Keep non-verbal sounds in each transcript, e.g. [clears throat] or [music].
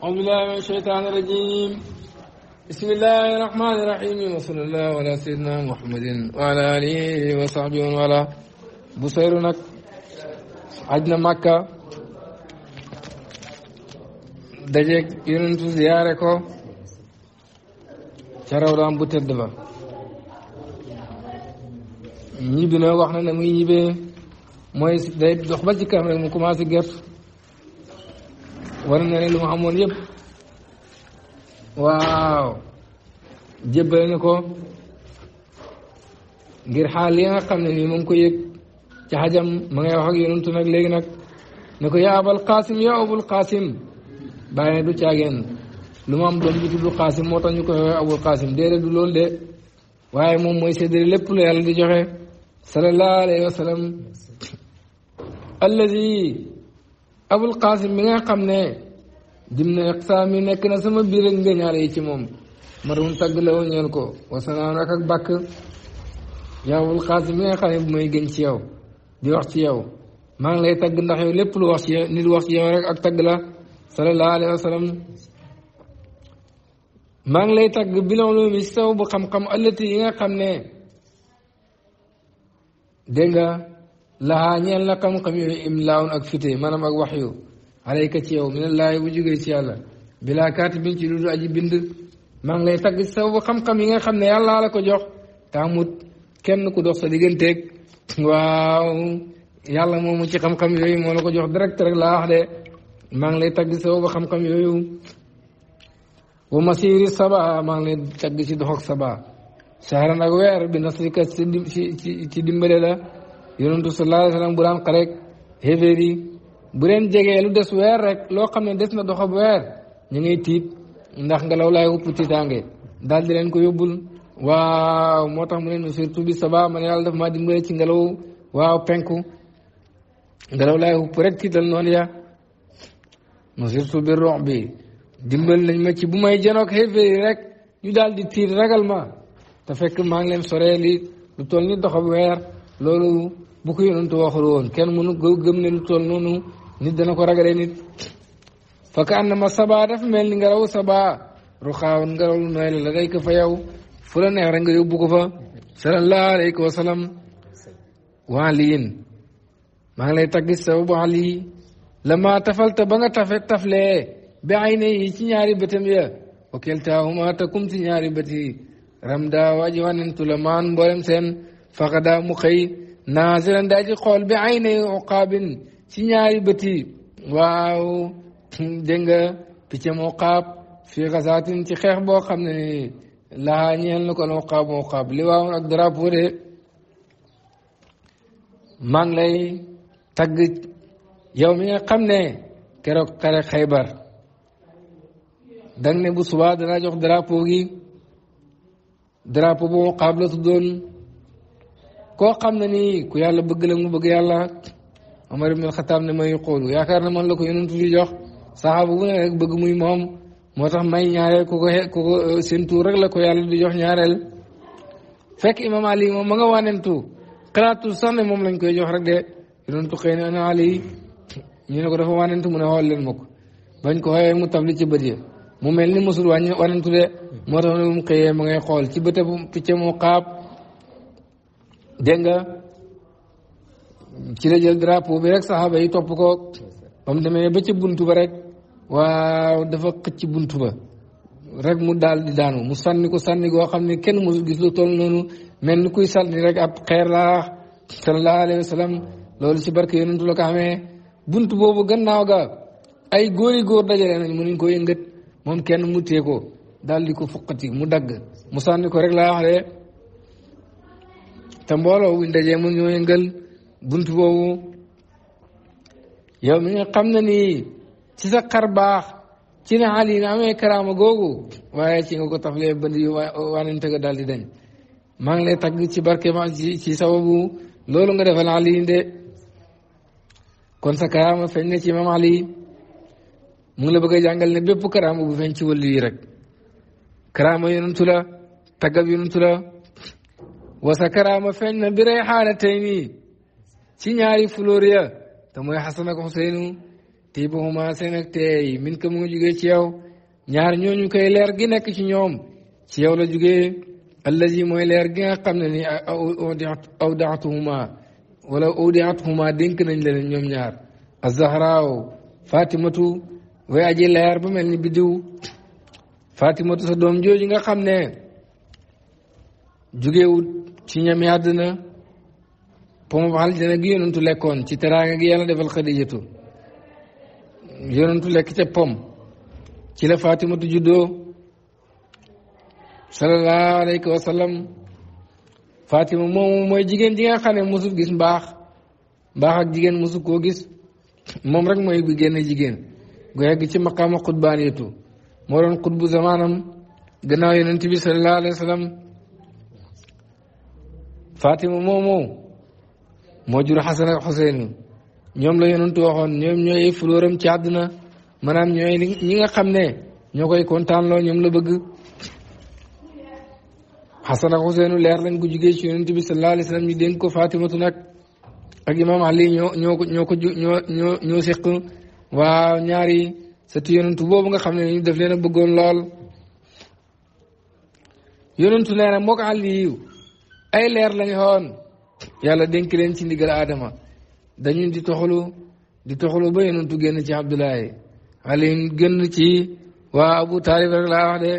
أعوذ بالله من الشيطان الرجيم بسم الله الرحمن الرحيم وصلى الله على سيدنا محمد وعلى آله وصحبه وعلى بصير نك عدنا مكة دجك ينتو زياركو caraw daam bu tedd ba ñibbi na wax na ne muy ñibbee mooy day dox ba ci kanam rek mu commencé gerte war na ne ma mu amoon yëpp waaw jébbale na ko ngir xaal yi nga xam ne nii mu ngi ko yëg ci xajam ma ngay wax ak yonentu nag léegi nag ne ko yaa abal qaasim yaa abul qaasim bàyyi ne du caageen lu mu am doom ji tudd qaasim moo tax ñu koy woowee abul qaasim déedéet du loolu de waaye moom mooy séddale lépp lu yàlla di joxe sallallahu alayhi wa sallam allazi abul qaasim bi nga xam ne dim na iqsaam yi nekk na sama biir ak ngañaar yi ci moom marhum tagg la woon ñeel ko wasanaan ak ak bàkk yow abul qaasim bi nga xam ne bu may gën ci yow di wax ci yow maa ngi lay tagg ndax yow lépp lu wax ci yow nit wax ci yow rek ak tagg la sallallahu alayhi wa sallam maa ngi lay tagg bilan loolu mi si saw bu xam-xam ëllëti yi nga xam ne dégg nga laxaa ñeel na xam-xam yooyu imlaawun ak fite maanaam ak wax yu alayka ci yow minallahi bu jógee ci yàlla bilaa kaatibin ci dudu aji bind maa ngi lay tagg sababu xam-xam yi nga xam ne yàllaa la ko jox taamut kenn ku dox sa digganteeg waaw yàlla moomu ci xam-xam yooyu moo la ko jox direct rek laa de maa ngi lay tagg sababu xam-xam yooyu wa masiri saba maa ngi lay tagg ci doxog saba saaran ak weer bi nasrika ci ci dimbale la yonentu sallallahu alayhi bu daan xareeg xéeféer bu leen jegee lu des weer rek loo xam ne des na doxab weer ñu ngay tiit ndax ngelaw laay xupp tiitaange daal di leen ko yóbbul waaw moo tax mu ne surtout bi saba man yàlla daf maa dimbale ci ngelaw waaw penku ngelaw laay xupp rek tiital noonu ya surtout bi rox bi dimbal nañ ma ci bu may janook xéeféer yi ñu daal di tiit ragal ma fekk maa ngi leen soree li lu toll ni doxab weer loolu bu ko yonantu waxul woon kenn mënu gëm ne lu toll noonu nit dana ko ragale nit fakk ànd ma saba dafa mel ni ngelaw sabaa ruxaawoon ngelaw lu nooy la day ko fa yow fu neex rek nga yóbbu ko fa sallallahu alayhi wa sallam waa maa ngi lay taggis sababu ali tafal tafalta ba nga tafe taflee bi ay ne yi ci ñaari bëtam ya wakiltaahuma takum ci ñaari bët yi ramda waaji wanentu la maan mboolem seen faxadaa mu xëy naasiran daa ci xool bi ay na ci ñaari bët yi waaw dégg nga piccam oqaab fii xasaatin ci xeex boo xam ne ni laxaa ñeel na ko al oqaab oqaab li waawoon ak drapeau lay tagg yow mi nga xam ne keroog xare xaybar dang ne bu subaa danaa jox drapeau gi drapeau bu oqaab la tuddoon koo xam ne nii ku yàlla bëgg la mu bëgg yàlla Omar ibn Xataab ne may xoolu yakaar na man la ko yonent di jox saxaaba bu ne rek bëgg muy moom moo tax may ñaareel ku ko ku ko euh, rek la ko yàlla di jox ñaareel fekk imam Ali moom ma nga wanentu xalaatul sax ne moom lañ koy jox rek de yonentu xëy na ana Ali ñu ne ko dafa wanentu mu ne xool leen ma ko bañ ko xooyee mu tabli ci bët yi mu mel ni mosul wàññi wanentu de moo tax ne moom ma ngay xool dégg nga ci la jël drapeau bi rek saxaaba yi topp ko ba mu demee ba ca buntu ba rek waaw dafa xëcc buntu ba rek mu daal di daanu mu sànni ko sànni goo xam ne kenn mosul gis lu toll noonu mel ni kuy sànni rek ab xeer laa sallallahu alayhi wa loolu ci barke yonentu la ko bunt boobu gannaaw ga ay góori góor dajale nañ mënuñ ko yëngat moom kenn mu téye ko daal ko foqati mu dagg mu sànni ko rek laa wax te mbooloo buñ dajee mu ñu yëngal bunt boobu yow mi nga xam ne nii ci sa xar baax ci ne xal yi na amee karaama googu waaye ci nga ko taflee bënd yu wanante ga daal di dañ maa ngi lay tagg ci barke ma ci sababu loolu nga defal xal yi de kon karaama feeñ na ci imam ali mu la bëgg a jàngal ne bépp karaama bu feeñ ci wàllu yi rek karaama yonentu la taggab yonentu la wasakaraama feeñ na bi rayxaana tey nii ci ñaari fleur ya te mooy xasan ak xuseynu tiibuhuma seen ak teey min ka mu ngi jugee ci yow ñaar ñooñu koy leer gi nekk ci ñoom ci yow la jugee allazi mooy leer gi nga xam ne ni awdaatuhuma wala awdaatuhuma dénk nañ leen ñoom ñaar azzahraaw fatimatu way aji leer ba mel ni biddiw fatimatu sa doom jooju nga xam ne jugewut ci ñami àddina pom aljana gi yonentu lekkoon ci teraanga gi yàlla defal xadijatu yonentu lekk ca pom ci la fatimatu juddoo sallallahu alayhi wa fatima moom mooy jigéen ji nga xam ne mosul gis mbaax mbaax ak jigéen mosul koo gis moom rek mooy bu génn jigéen gu yegg ci maqaama xutbaan yetu moo doon xutbu zamanam gannaaw yonent bi sallallahu alayhi wa Fatima moomoo moo jur Xasan ak Xuseyn ñoom la yonantu waxoon ñoom ñooy fulóoram ci àdduna maanaam ñooy ñi nga xam ne ñoo koy kontaanloo ñoom la bëgg Xasan ak Xuseyn leer lañ ko jugee ci yonent bi sallallahu alayhi wasallam ñu dénk ko Fatimatu nag ak imaam Ali ñoo ñoo ko ñoo ko ñoo ñoo ñoo seq waaw ñaari sëtu yonantu boobu nga xam ne ñu def leen a bëggoon lool yonantu nee na moo ay leer lañ xoon yàlla dénk leen ci ndigal aadama dañu di toxalu di toxalu ba yonentu génn ci Abdoulaye Alioune génn ci waa Abu Taalib rek laa wax de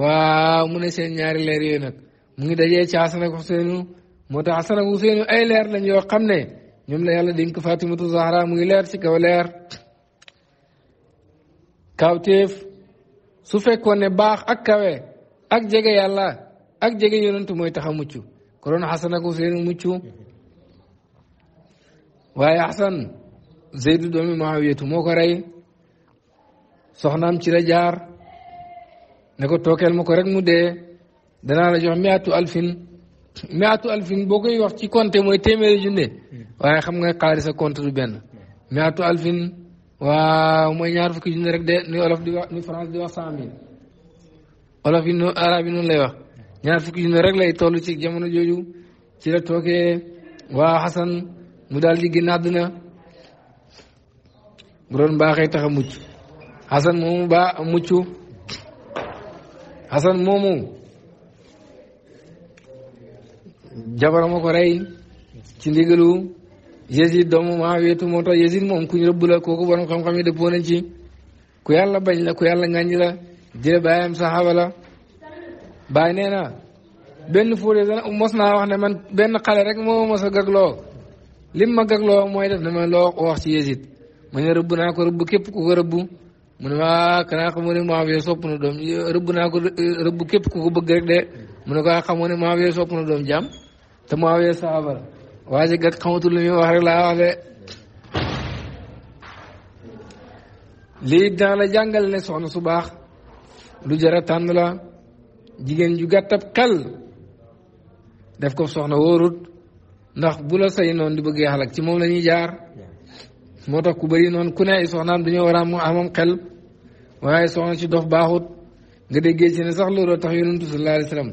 waaw mu ne seen ñaari leer yooyu nag mu ngi dajee ci Hasan ak moo tax Hasan ak ay leer lañ yoo xam ne ñoom la yàlla dénk Fatimatu Zahra mu ngi leer ci kaw leer kawteef su fekkoon ne baax ak kawe ak jege yàlla ak jege yonentu mooy tax a mucc ko xasan ak Useyn mucc waaye xasan Zeydu doomi Muawiyatu moo ko rey soxnaam ci la jaar ne ko tookeel ma ko rek mu dee danaa la jox miatu alfin miatu alfin boo koy wax ci compte mooy téeméeri junne waaye xam nga xaari sa compte benn miatu alfin waaw mooy ñaar fukki junne rek de ni France di wax cent olof yi noonu arab yi ñaar fukki junne rek lay toll ci jamono jooju ci la tookee waa xasan mu daal di génn àdduna bu doon baaxee tax a mucc xasan moomu baa mucc xasan moomu jabarama ko rey ci ndigalu Yezid doomu maa weetu moo tax Yezid moom ku rëbb la kooku borom xam-xam yi dëppoo nañ ci ku yàlla bañ la ku yàlla ŋàññ la jële baayam saxaaba bàyyi nee na benn fuure mos naa wax ne man benn xale rek moo mos a gagloo lim ma gagloo mooy def ne ma loo wax ci Yezid ma ne rëbb naa mu ne ma kanaa ah, xamoo ne Muawiya sopp na doom rëbb naa ko rëbb képp ku ko bëgg rek de mu ne ko ah, xamoo ne Muawiya sopp na doom jàmm te Muawiya saaba la waa ji gag xamatul lu wax rek laa wax de lii daan la jàngal ne soxna su baax lu jar la jigéen ju gàttab xel def ko soxna wóorut ndax bu la say noon di bëggee xalak ci moom lañuy jaar moo tax ku bëri noonu ku ne ay soxnaam dañoo war a amam xel waaye soxna si dof baaxut nga déggee ci ne sax looloo tax yonentu sallallahu alayhi wasallam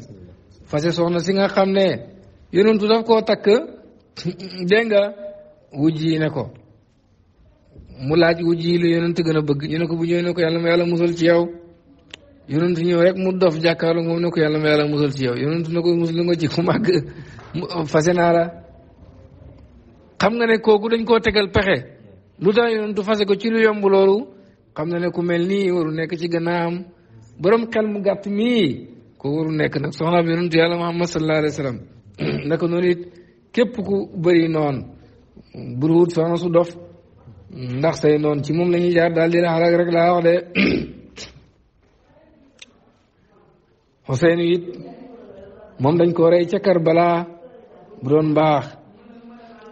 fase soxna si nga xam ne yonentu daf koo takk [laughs] dégg nga wujj yi ne ko mu laaj wujj yi lu yonent gën a bëgg ñu ne ko bu ñëwee ne ko yàlla ma yàlla musal ci yow yonent ñëw rek mu dof jàkkaarloo moom ne ko yàlla ma yàlla musal ci yow na ko musal nga ci ku màgg euh, fase naa la xam nga ne kooku dañ koo tegal pexe lu tax yonentu fase ko ci lu yomb xam na ne ku mel nii waru nekk ci gannaam borom xel mu gàtt mii ko waru nekk nag soxnaam yonentu yàlla Muhammad sallallahu alayhi wa sallam [clears throat] naka noonu it képp ku bëri noon bul wut soxna su dof ndax say noon ci moom la jaar daal di la xalaat rek laa wax de [clears throat] Xuseyn it moom dañ ko rey ca Karbala bu doon mbaax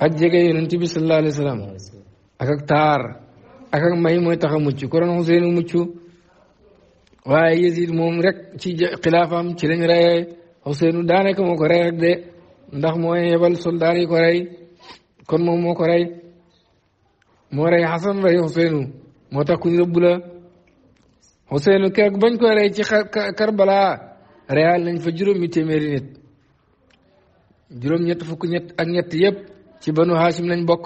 ak jege yonent bi sallallahu alayhi wa taar ak may mooy tax a mucc ko doon Xuseyn mucc waaye moom rek ci xilaafam ci lañ reyee Xuseyn daanaka moo ko rey rek de ndax mooy yebal soldaar yi kon moom moo ko rey moo rey Xasan rey Xuseyn moo tax ku ñu rëbb la bañ ko rey ci Karbala reyal nañ fa juróomi téeméeri nit juróom ñett fukk ñett ak ñett yépp ci banu Haasim lañ bokk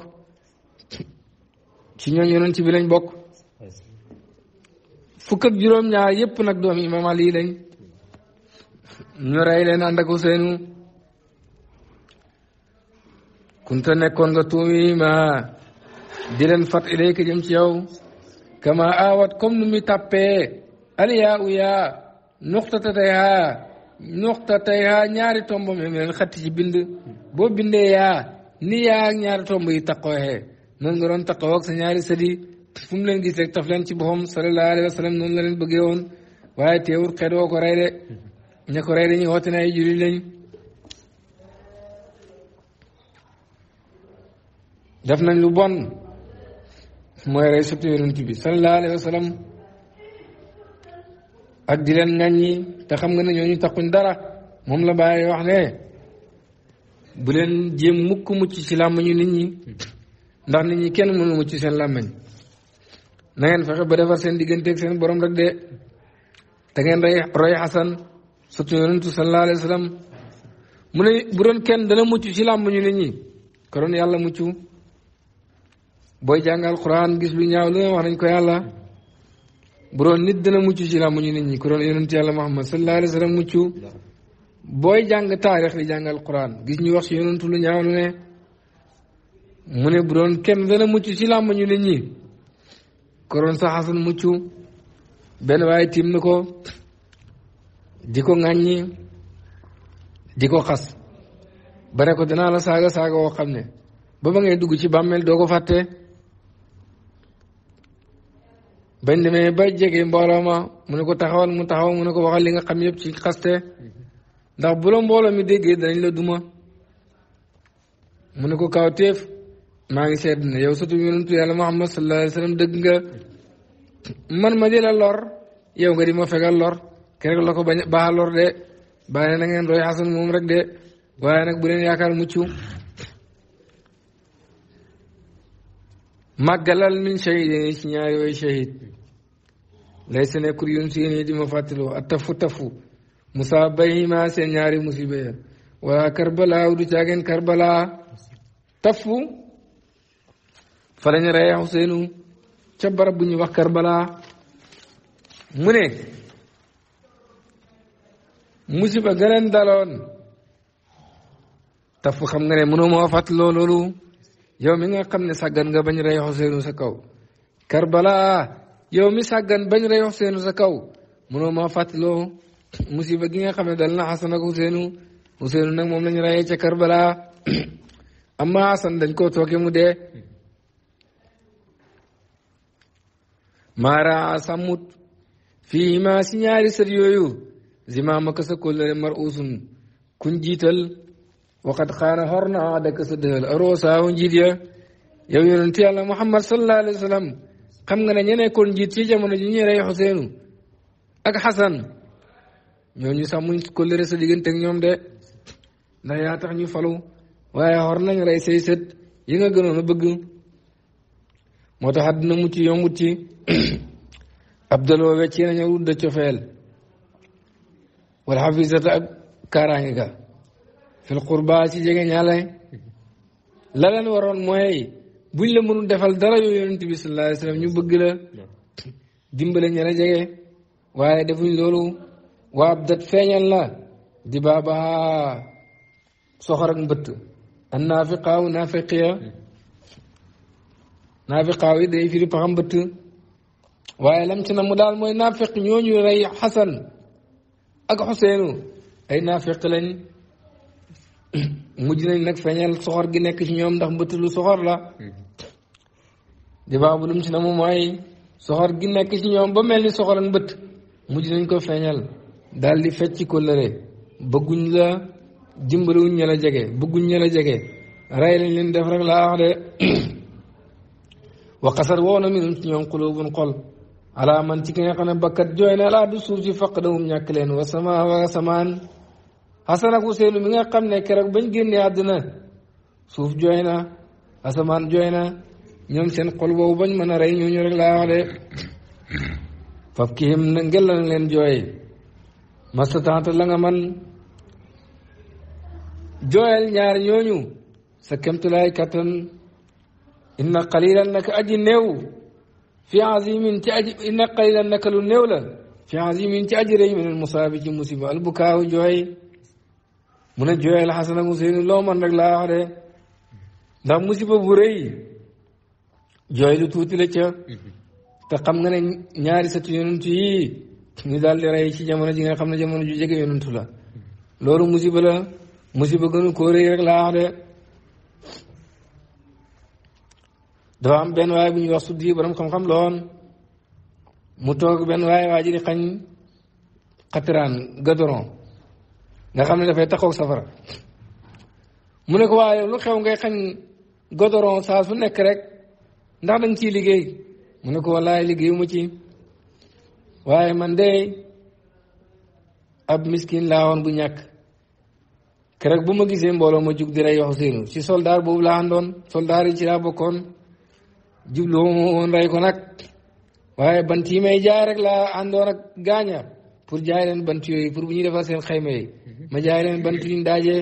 ci ñooñ ci bi lañ bokk fukk ak juróom ñaar yépp nag doom imaam Ali lañ ñu rey leen ànd ak Useenu kunta nekkoon nga tuumi ma di leen fat ilayka jëm ci yow kama aawat comme nu mi tàppee aliyaa uyaa nuqtatayha nuqtatayha ñaari tombam yi leen xatti ci bind boo bindee yaa ni yaa ak ñaari tomb yi taqooxee noonu nga doon taqoo ak sa ñaari sëdi fu leen gis rek taf leen ci boppam sallallahu alayhi wa sallam noonu la leen bëggee woon waaye te xet woo ko rey de ña ko rey dañuy woote ne ay jullit lañ def nañ lu bon mooy rey sëtu yonent bi sallallahu alayhi wa ak di leen ŋàññi te xam nga ne ñooñu taxuñ dara moom la bàyyi wax ne bu leen jéem mukk mucc ci làmmiñu nit ñi ndax nit ñi kenn mënu mucc seen làmmiñ na ngeen fexe ba defar seen digganteeg seen borom rek de te ngeen roy roy xasan surtout yonentu sallallahu alayhi Wasallam sallam mu ne bu doon kenn dana mucc ci làmmiñu nit ñi ko doon mucc quran gis lu ñaaw lu wax nañ ko bu nit dana mucc ci làmmiñu nit ñi ku doon yonent yàlla Muhammad sallallahu alayhi wa sallam mucc booy jàng taarix di jàngal Qur'an gis ñu wax ci yonentu lu ñaaw lu ne mu ne bu doon kenn dana mucc ci làmmiñu nit ñi ku doon sa xasan mucc benn waaye tiim na ko di ko ŋàññi di ko xas ba ne ko danaa la saaga saaga woo xam ne ba ba dugg ci bàmmeel doo ko fàtte bañ demee ba jege mbooloo ma mu ne ko taxawal mu taxaw mu ne ko waxal li nga xam yëpp ci xaste ndax bu la mbooloo mi déggee danañ la duma mu ne ko kaw téef maa ngi seet ne yow satu yonentu yàlla Muhammad sallallahu alayhi wa sallam dëgg nga man ma di la lor yow nga di ma fegal lor keroog la ko bañ baax lor de bàyyi na ngeen roy xasan moom rek de waaye nag bu leen yaakaar mucc màggalal min shahid ci ñaar yooyu shahid lay sa nekkul yun si yéen ma fàttaloo a tafu tafu musaa bayima seen ñaari musiba ya wala karbala du caageen karbala tafu fa lañ rey Xuseenu ca barab bu ñuy wax karbala mu ne musiba daloon tafu xam nga ne mënoo moo fàttaloo loolu yow mi nga xam ne sàggan nga bañ rey Xuseenu sa kaw Karbala yow mi sàggan bañ rey Xuseenu sa kaw mënoo maa fàttaloo musiba gi nga xam ne dal na Xasan ak Xuseenu nag moom lañ reyee ca Karbala [clears throat] amma Xasan dañ koo tooke mu dee maara sàmmut fii ma ñaari sët yooyu zimaamaka sa kóllëre mar usun waqad xaana xor na dëkk sa dëxal arosaaw njiit ya yow yonent yàlla muhammad sallallahu alayhi wa xam nga ne ña nekkoon njiit ci jamono ji ñuy rey xuseenu ak xasan ñooñu sax muñ kóllëre sa diggante ak ñoom de ndax yaa tax ñu falu waaye xor nañ rey say sët yi nga gënoon a bëgg moo tax àddina mucc yombut ci [clears throat] abdaloo wecci nañu rudda cofeel wala xafisata ak kaaraange fil qurba ci jege ñaale la leen waroon mooy buñ la mënul defal dara yooyu yonent bi sallallahu alayhi wasallam ñu bëgg la dimbale ña waaye defuñ loolu waa ab dat feeñal la di baaba soxor ak mbëtt an naafiqaaw naafiqiya naafiqaaw yi day firi paxam mbëtt waaye lam na mu daal mooy naafiq ñooñu rey xasan ak xuseenu ay naafiq mujj nañ nag feeñal soxor gi nekk ci ñoom ndax mbëtt lu soxor la di baax bu ci na mu mooy soxor gi nekk ñoom ba mel ni soxor ak mbëtt mujj nañ ko feeñal dal di fecc ko lëre bëgguñ la jëmbalewuñ ña la jege bëgguñ ña la jege rey lañ leen def rek de wa xasar woo na minum ci ñoom xulóobun xol alaa man ci ki nga xam ne bakkat jooy na laa du suuf si faq dawum ñàkk leen wa sama wa samaan Xasan ak Useynu mi nga xam ne keroog bañ génnee àddina suuf jooy na asamaan jooy na ñoom seen xol boobu bañ mën a rey ñooñu rek laa wax de fab kihim na ngellan leen jooy mastataata la langa man jooyal ñaar ñooñu sa kemtulaay kattan inna qalilan naka aji néew fi azimin ci aji inna qalilan naka lu néew la fi azimin ci aji rëy min al musaabi ci musiba jooy mu ne jooyal Xasan ak Useynu loo man rek laa wax de ndax musiba bu rëy jooy lu tuuti la ca te xam nga ne ñaari sëtu yonent yi ñu daal rey ci jamono ji nga xam ne jamono ji jege yonentu la loolu musiba la musiba gënu koo rek laa wax de dafa am benn waay bu ñuy wax suddi borom xam-xam la mu toog benn waay waa i di xañ xatiraan gadoron nga xam ne dafay taxaw safara mu ne ko waaye lu xew ngay xañ godoron saa su nekk rek ndax danga ciy liggéey mu ne ko wallaay liggéeyu mu ci waaye man de ab miskin laa woon bu ñàkk keroog bu ma gisee mbooloo ma jug di rey waxu ci soldaar boobu laa àndoon soldaar ci laa bokkoon jublu woon rey ko nag waaye bant yi may jaay laa àndoon ak gaaña pour jaay leen bant yooyu pour bu ñuy defar seen xayma yi mhm. ma jaay leen bant yuñ daajee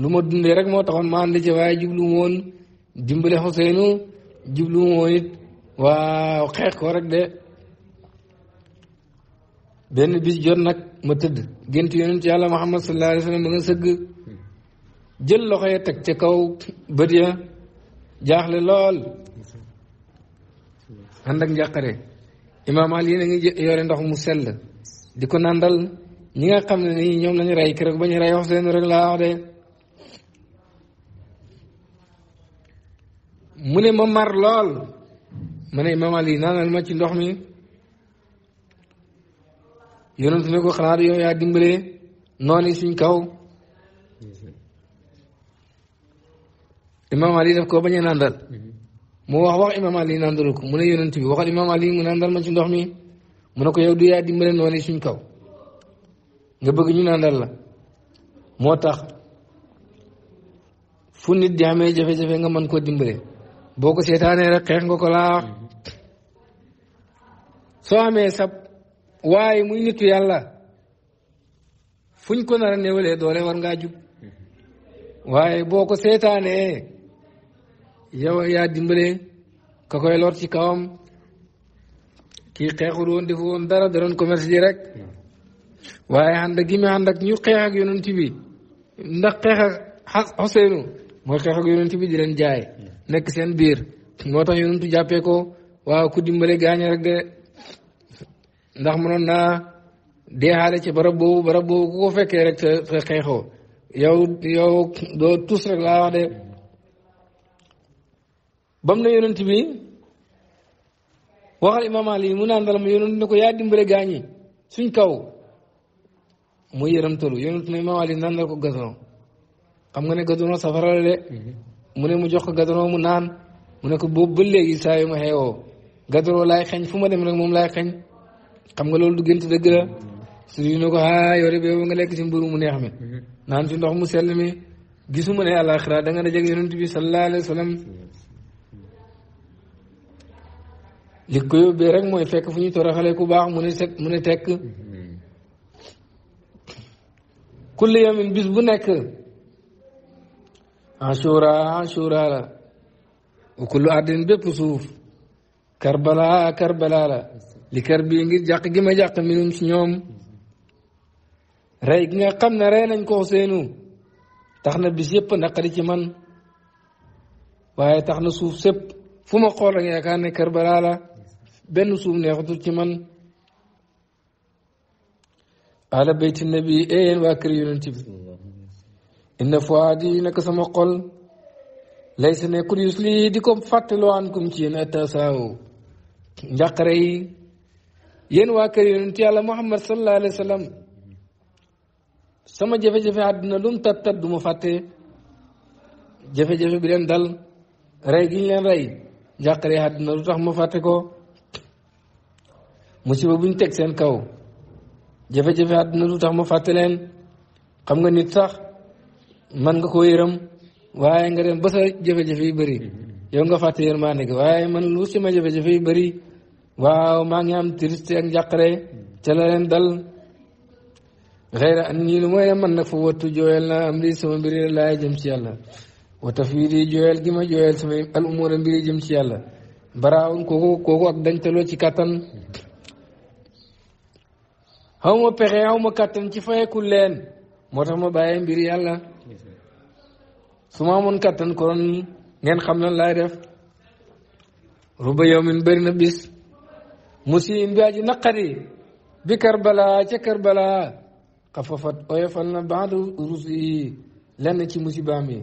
lu ma dundee rek moo taxoon ma ànd ci waaye jublu woon dimbale Xuseynu jublu woon it waaw xeex ko rek de benn bis jot nag ma tëdd gént yonent yàlla Muhammad sallallahu alayhi wa sallam ba nga sëgg mhm. jël loxo ya teg ca kaw bët ya jaaxle lool ànd ak imaam Ali na ngi yore ndox mu sell di ko nandal ñi nga xam ne nii ñoom lañuy rey keroog ba ñu rey Xuseyn rek laa wax de mu ne ma mar lool ma ne imaam Ali naanal ma ci ndox mi yonentu ne ko xanaa du yaa dimbalee noonu suñ kaw imaam Ali daf koo bañ a nandal mm-hmm. moo wax wax imaam Ali nandal ko mu ne yonent bi waxal a Ali mu nandal ma ci ndox mi mu ne ko yow du yaa dimbale noonu suñ kaw nga bëgg ñu nandal la moo tax fu nit di amee jafe-jafe nga mën koo dimbale boo ko seetaanee rek xeex nga ko laax soo amee sab waaye muy nitu yàlla fuñ ko nar a néewalee doole war ngaa jub waaye boo ko seetaanee yow yaa dimbale ka koy lor ci kawam kii xeexul woon defu woon dara da doon commerce ji rek waaye ànd ak gi mu ñu xeex ak yonent bi ndax xeex ak Xuseynu mooy xeex bi di leen jaay nekk seen biir moo tax yonent jàppee ko waaw ku dimbale gaañ rek de ndax mënoon naa deexaale ci barab boobu barab boobu ku ko fekkee rek te xeexoo yow yow doo tus rek laa wax de ba mu ne yonent bi waxal imaam Ali mu naan dala ma yonent ne ko yaa dimbale gaañi suñ kaw muy yëramtalu yonent na imaam Ali naan dal ko gadron xam nga ne gadron safara la de mu ne mu jox ko gadron mu naan mu ne ko boobu ba léegi saa ma xeewoo gadron laay xeeñ fu ma dem rek moom laay xeeñ xam nga loolu du gént dëgg la su ñu ne ko aa yow de boobu nga lekk si mburu mu neex mi naan ci ndox mu sell mi gisuma ne àllaaxira da nga dajeg yonent bi sallallahu alayhi li ko yóbbee rek mooy fekk fu ñuy toroxale ku baax mu ne se mu ne tekk kulli yamin bis bu nekk ashura ashura la wa kullu ardin suuf karbala karbala la li kar bii ngir jàq gi ma jàq minum si ñoom rey gi nga xam ne rey nañ ko seenu tax na bis yëpp naqari ci man waaye tax na suuf sëpp fu ma xool rek yaakaar ne karbala benn suuf neexatul ci man ala bayti nabi e yéen waa kër yonent bi inna fuaadi naka sama xol laysa nekkul yusli di ko fàttaloo ankum ci yéen atasaaw njàqare yi yéen waa kër yonent yàlla muhammad sallallahu alayhi wa sallam sama jafe-jafe àdduna lu mu tat tat du ma fàtte jafe-jafe bi leen dal rey gi ñu leen rey njàqare yi àdduna lu tax ma fàtte ko musiba bu ñu teg seen kaw jafe-jafe àdduna lu tax ma fàtte leen xam nga nit sax man nga koo yërëm waaye nga dem ba sa jafe-jafe yu bëri yow nga fàtte yërmaande gi waaye man lu si ma jafe-jafe yu bëri waaw maa ngi am triste ak njàqare ca la leen dal xëyra an ñii lu mooy ne man nag fa wattu jooyal naa am lii sama mbiri laay jëm ci yàlla wata fii di jooyal gi ma jooyal sama al umura mbiri jëm yàlla baraaw kooku kooku ak ci kàttan xaw nga pexe xaw ma kàttan ci fayekul leen moo tax ma bàyyee mbir yàlla su ma amoon kattan kon ngeen xam na laay def ruba yawmin bëri na bis musiim bi aji naqari bi karbala ca karbala xafafat oyofal na baadu rus yi lenn ci musibaam yi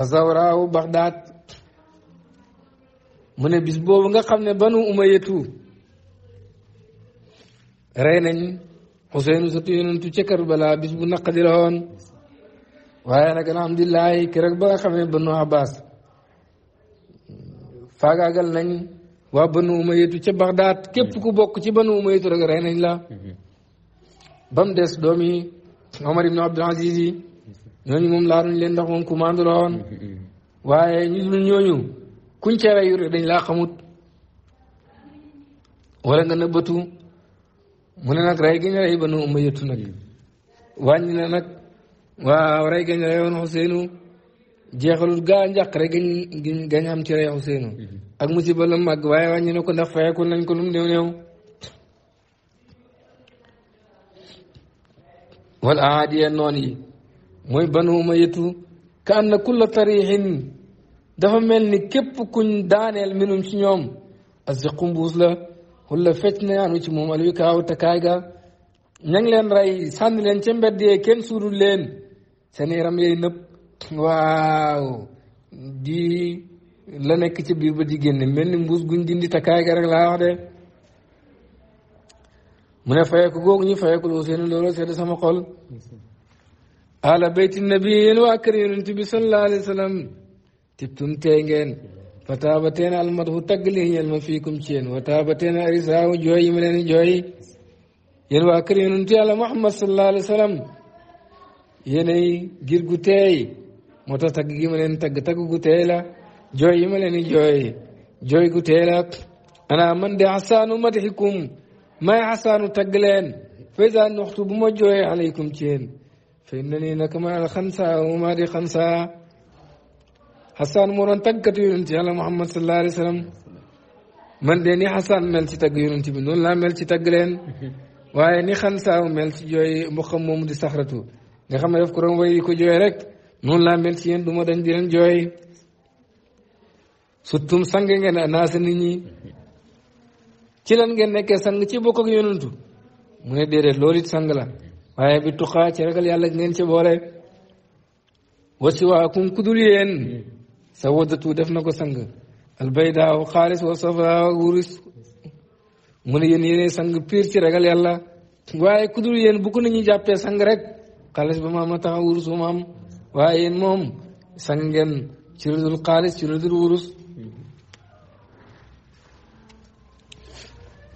azawraawu baxdaat mu ne bis boobu nga xam ne banu umayatu rey nañ Ousseynou sa yonentu ca Karbala bis bu naqadi la woon waaye nag alhamdulilah keroog ba nga xamee Banu Abbas faagaagal nañ waa Banu Umayatu ca Baxdaad képp ku bokk ci Banu Umayatu rek rey nañ la ba des doom yi Omar ibn Abdul Aziz moom laaruñ leen ndax moom commande la woon waaye ñu dul ñooñu kuñ ca reyu rek dañ laa xamut wala nga nëbbatu mu ne nag rey gi ñu banu umayyatu nag wàññi na nag waaw rey gi ñu reyoon Xuseenu jeexalul gaa njàq rek gañ am ci rey Xuseenu mm-hmm. ak musiba la màgg waaye wàññi na ko ndax fayekoon nañ ko lu mu néew néew wal aadiya noon yi mooy banu umayyatu ka anna kulla tariixin dafa mel ni képp kuñ daaneel minum ci ñoom as si xumbuus la wala fecc ne anu ci moom aliyu kaaw takaay leen ray sànni leen ca mbedd yee kenn suudul leen seen yaram yey nëpp waaw di la nekk ci biir ba di mel ni mbuus guñ dindi takaay ga rek mu ne fayeku googu ñu fayeku loo seen loolu sama xol ala bayti nabi yéen waa kër yonent bi sallallahu alayhi wa sallam tibtum ngeen فتابتين المدهو تقليه يلم فيكم چين وتابتين أرساو جوي ملين جوي ينو أكرين انتي على محمد صلى الله عليه وسلم يني جرغو تاي متى تقلي ملين تق تقو جوي ملين جوي جوي قو تيلا أنا من دي عسان مدحكم ما عسان تقلين فإذا نخطب مجوي عليكم چين فإنني لكما الخنساء وما دي خنساء Xassane moo doon tàggatu yonent yàlla Muhammad sallallahu alayhi wa sallam man de ni Xassane mel ci tagg yonent noonu laa mel ci tagg leen waaye ni xansaaw mel ci jooy mboqam moomu di saxratu nga xam ne daf ko doon way ko jooy rek noonu laa mel ci yéen du ma dañ di leen jooy ngeen anaasa nit ñi ci lan ngeen nekkee sang ci bokk ak yonentu mu ne déedéet sang la waaye bi tuqaa ci ragal yàlla ngeen ci boole wasiwaakum ku dul yéen sawadatu def na ko sang albaydaaw xaalis wa safa wuris mu ne yéen yéenay sang piir ci ragal yàlla waaye ku dul yéen bu ko nit ñi jàppee sang rek xaalis ba maam na taxa wurus maam waaye yéen moom sang ngeen ci lu dul ci lu wurus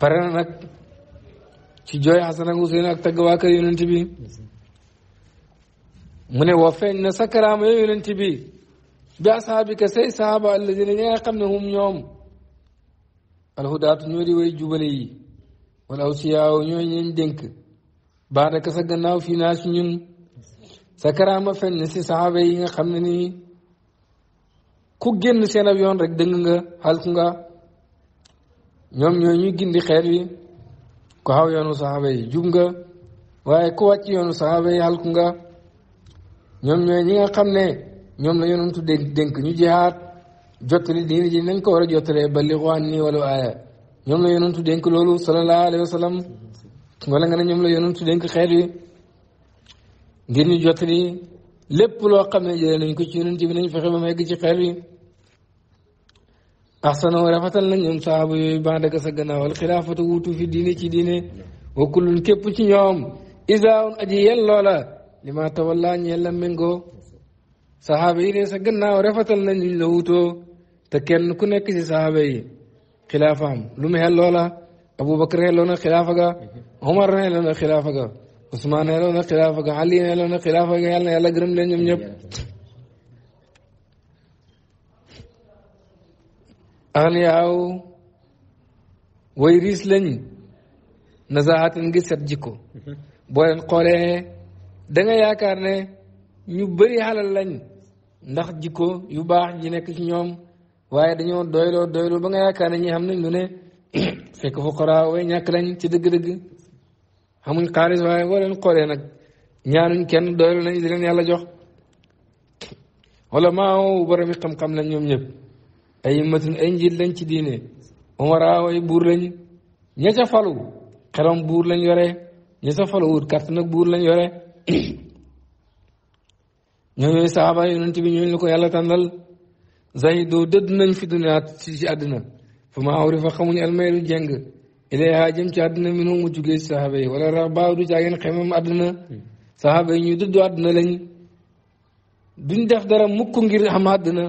pare na nag ci jooy xasan ak Huseyn ak tagg waa kër yonent bi mu ne wa feeñ na sa karaama yow yonent bi asxaabika say saxaaba alladina ñi nga xam ne hum ñoom alhudaatu ñoo di way jubale yi wala awsiyaaw ñooy ñeen dénk baadaka sa gannaaw fii naa si ñun sa karaama fenn si saxaaba yi nga xam ne nii ku génn seen yoon rek dëng nga xalku ñoom ñoo ñuy gindi wi ku yoonu saxaaba yi jub nga yoonu saxaaba yi nga ñoom ñooy ñi nga xam ne ñoom la yonent dénk dénk ñu jihaat jottali diine ji nañ ko war a jottalee ballighu anni walaw ñoom la yonent dénk loolu sallallahu alayhi wa sallam wala nga ne ñoom la yonent dénk xeet wi ngeen ñu jottali lépp loo xam ne jëlee nañ ko ci yonent bi nañ fexe ba mu egg ci xeet wi axsano rafetal nag ñoom sahaaba yooyu sa gannaaw wal xilaafatu wuutu fi diine ci képp ci ñoom isaaun aji yen loola li ma tawalla ñeel la méngoo saxaaba yi de sa gannaaw rafetal nañ ñu la wutoo te kenn ku nekk ci saxaaba yi xilaafa am lu mu xelloo la Aboubacar xelloo na xilaafa ga Omar xelloo na xilaafa ga Ousmane xelloo na xilaafa ga Ali na xilaafa ga yàlla na yàlla gërëm leen ñoom ñëpp. axniyaaw way riis jikko mhm. boo leen xoolee yaakaar ne. ñu bëri xalal lañ ndax jikko yu baax ji nekk ci ñoom waaye dañoo doyloo doyloo ba nga yaakaar ne ñi xam nañ lu ne [clears throat] fekk fuqaraa way ñàkk lañ ci dëgg-dëgg xamuñ xaalis waaye boo leen xoolee nag ñaanuñ kenn doylu nañ di leen yàlla jox wala maa woowu borom xam-xam lañ ñoom ñëpp ay matun ay njiit lañ ci diine umaraaw ay buur lañ ña ca falu xelom buur lañ yore ña ca falu wut kàtt nag buur lañ yore [clears throat] ñooñu saxaaba yonent bi ñooñu la ko yàlla tàndal zahido dëdd nañ fi duniya ci àddina fa ma awri fa xamuñ almayru jeng ilayha jëm ci àddina mi noonu mu jugee si saxaaba yi wala rax baaw du caageen xemam àddina saxaaba yi ñu dëddu àddina lañ duñ def dara mukk ngir am àddina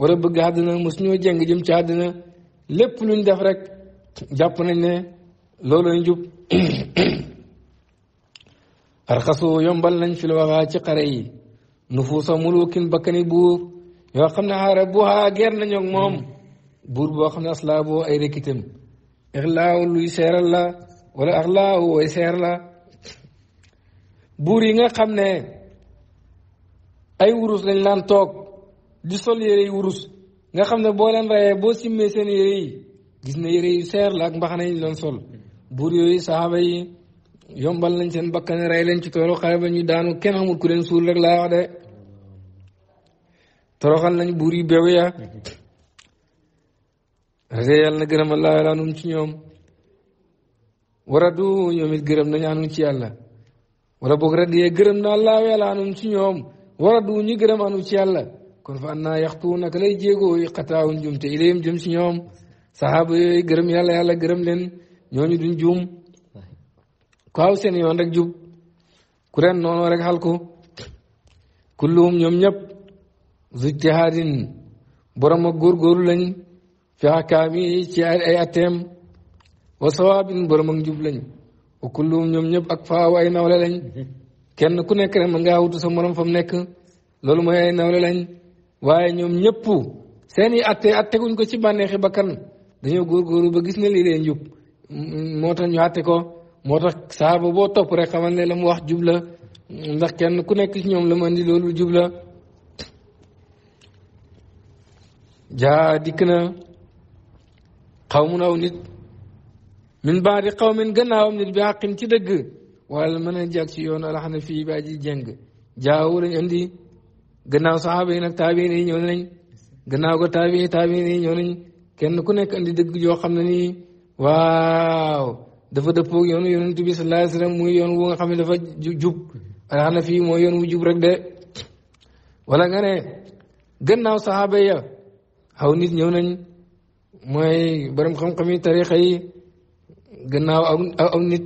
wala bëgg àddina mos ñoo jeng jëm ci àddina lépp luñ def rek jàpp nañ ne loolooy njub [coughs] arxasu yombal lañ fi la waxaa ci xare yi nufuusa mulukin bakkani buur yoo xam ne harabuha ger nañu ak moom buur boo xam ne aslaaboo ay rekkitam ay luy seeral wala axlaaw way seer la buur yi nga xam ne ay wurus lañ laan toog di sol yére wurus nga xam ne boo leen rayee boo simmee seen yére yi gis ne yu seer la ak mbaxana yi ñu doon sol buur yooyu saxaaba yi yombal nañ seen bakkan rey leen ci toolu xare ba ñu daanu kenn xamul ku leen suul rek laa wax toroxal nañ buur yi beew ya na gërëm allah anum ci ñoom waradu ñoom it gërëm nañ anum ci yàlla wala boog rad yee gërëm na allah anum ci ñoom waradu ñi gërëm anu ci yàlla kon fa annaa yaxtu naka lay jéego yi xataawun jum te ilayhim jëm ci ñoom saxaaba yooyu gërëm yàlla yàlla gërëm leen ñooñu duñ juum ku aw seen yoon rek jub ku ren noonu rek xal ñoom ñëpp zu ijtihaadin borom ak góorgóorlu lañ fi ahkaam yi ci ay atteem wa sawaabin borom ak lañ wa ñoom ñëpp ak faaw nawle lañ ku nekk rek mën sa morom fa mu nekk loolu mooy ay lañ waaye ñoom ñëpp seen i atte ko ci bànneexi bakkan dañoo góorgóorlu ba gis ne lii moo tax ñu ko moo tax saaba boo topp rek xamal ne la mu wax jub ndax kenn ku nekk ci ñoom la mu andi loolu jub jaa dikk na xaw mun aw nit min i xaw min gannaawam nit bi àqin ci dëgg wala mën a ci yoon alaxana fii ba ji jëng jaawu lañ andi gannaaw saxaaba yi nag taabiin yi ñëw nañ gannaaw ko taabiin taabiin yi ñëw nañ kenn ku nekk andi dëgg yoo xam ne nii waaw dafa dëppoo yoonu yonent bi sallallahu alayhi yoon wu nga xam ne dafa jub alaxana fii mooy yoon wu jub rek de wala nga ne gannaaw aw nit ñoo nañ mooy borom xam-xam yi tarixa gannaaw aw aw nit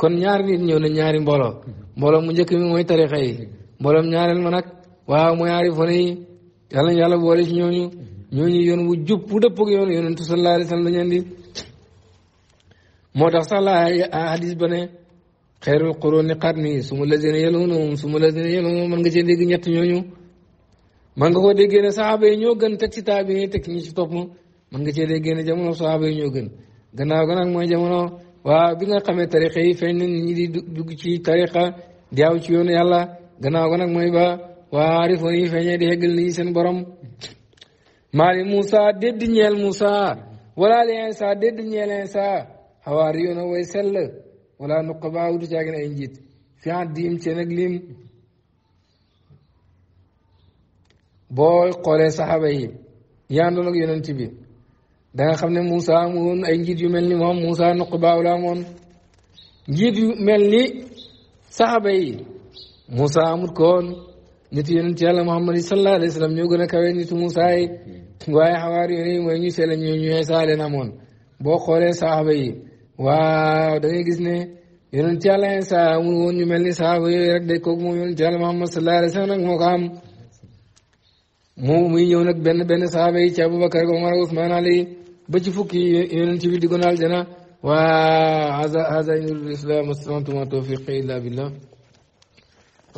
kon ñaari nit ñëw nañ ñaari mbooloo mbooloo mu njëkk mi mooy tarixa yi mbooloom ñaareel ma nag waaw mooy aarifoon yi yàlla yàlla boole ci ñooñu ñooñu yoon wu jub bu dëpp ak yoon yonentu sallallahu alayhi wa sallam lañu andi moo tax sax laa hadis ba ne xeerul quruni qarni suma lazina yalunahum suma lazina yalunahum mën nga cee ñett ñooñu man nga koo déggee ne saxaaba yi ñoo gën teg ci taabiin yi teg ñi ci topp man cee déggee ne jamono saxaaba yi ñoo gën gannaaw ga nag mooy jamono waa bi nga xamee tariqa yi feeñ na ñi di dugg ci tariqa di aw ci yoon yàlla ganaaw ga nag mooy ba waa arifoon yi feeñee di yeggal nit ñi seen borom maali Moussa dédd ñeel Moussa wala li sa dédd ñeel Isa xawaari yoona way sell wala nuqabaa wutu caagin ay njiit fi diim cee nag boo xoolee saxaaba yi yaandoon ak yonent bi da nga xam ne Moussa amoon ay njiit yu mel ni moom Moussa Nuqbaaw la amoon njiit yu mel ni saxaaba yi Moussa amut ko woon nit yonent yàlla Muhammad sallallahu alayhi wa sallam ñoo gën a kawe nitu waaye xawaar yi mooy ñu seela ñoo ñu saa leen amoon boo xoolee saxaaba yi waaw da gis ne yonent yàlla Iisaa amul woon ñu mel ni saxaaba yooyu rek day moom yonent yàlla Muhammad sallallahu alayhi wa nag moo ko moom muy ñëw nag benn benn saaba yi ci Abubakar ak Umar Usmaan Ali ba ci fukki yonent bi diggoon aljana waa haza haza inul islam astantu ma tawfiqi illa billah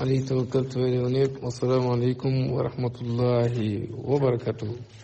alayhi tawakkaltu wa ilayhi unib wassalaamu aleykum wa rahmatullahi wa barakatuh